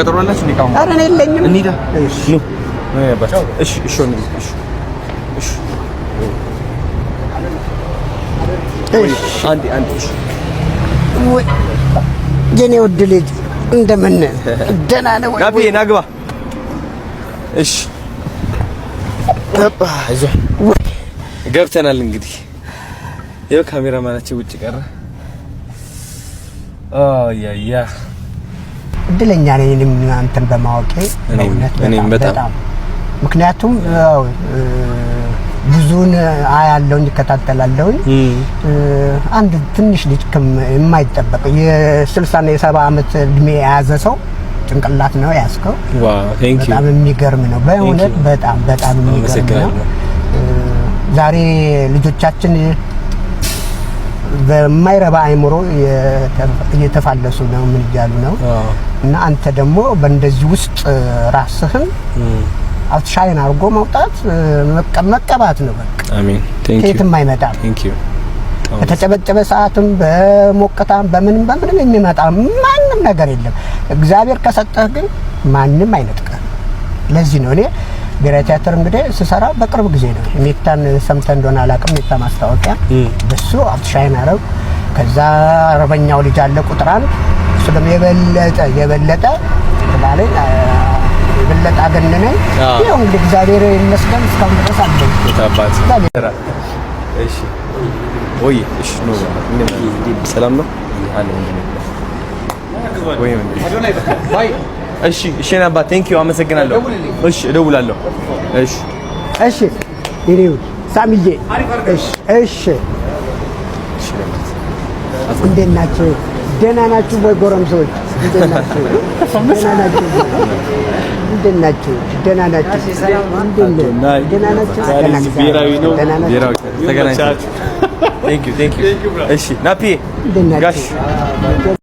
ቀጠሮ አላችሁ? ካሁን አረ የለኝም። እንሂዳ። እሺ እሺ እሺ እሺ እሺ አንዴ አንዴ። እሺ ወይ የኔ ውድ ልጅ እንደምን ደህና ነው ወይ? ጋቢዬ ና ግባ። እሺ ገብተናል። እንግዲህ ያው ካሜራ ማናቸው ውጭ ቀረ። አያ ያ እድለኛ ነኝ እኔም እናንተን በማወቄ በእውነት በጣም ምክንያቱም ብዙን አያለውን እከታተላለሁኝ። አንድ ትንሽ ልጅ የማይጠበቅ የስልሳና የሰባ ዓመት እድሜ የያዘ ሰው ጭንቅላት ነው ያዝከው። በጣም የሚገርም ነው በእውነት በጣም በጣም የሚገርም ነው። ዛሬ ልጆቻችን በማይረባ አይምሮ እየተፋለሱ ነው። ምን እያሉ ነው? እና አንተ ደግሞ በእንደዚህ ውስጥ ራስህን አውትሻይን አድርጎ መውጣት መቀባት ነው። በቃ አሜን። ከየትም አይመጣም። በተጨበጨበ ሰዓትም በሞቀታም በምንም በምንም የሚመጣ ማንም ነገር የለም። እግዚአብሔር ከሰጠህ ግን ማንም አይነጥቀህ። ለዚህ ነው እኔ ብሔራዊ ቲያትር እንግዲህ ስሰራ በቅርብ ጊዜ ነው። ሜታን ሰምተህ እንደሆነ አላውቅም። ሜታ ማስታወቂያ እሱ አብትሻይን አረብ፣ ከዛ አርበኛው ልጅ አለ ቁጥር አንድ እሱ ደግሞ የበለጠ የበለጠ ላለኝ የበለጠ አገነነኝ። ይኸው እንግዲህ እግዚአብሔር ይመስገን እስካሁን ድረስ አለ እሺ ወይ ነው ሰላም ነው አለ ወይ ወይ እሺ፣ እሺ፣ ናባ ቴንክ ዩ አመሰግናለሁ። እሺ፣ እደውላለሁ። እሺ፣ እሺ፣ ይሬው ሳሚዬ፣ እሺ፣ እሺ፣ እንዴት ናችሁ? ደህና ናችሁ ወይ? ጎረምሶች እንዴት ናችሁ? ደህና ናችሁ?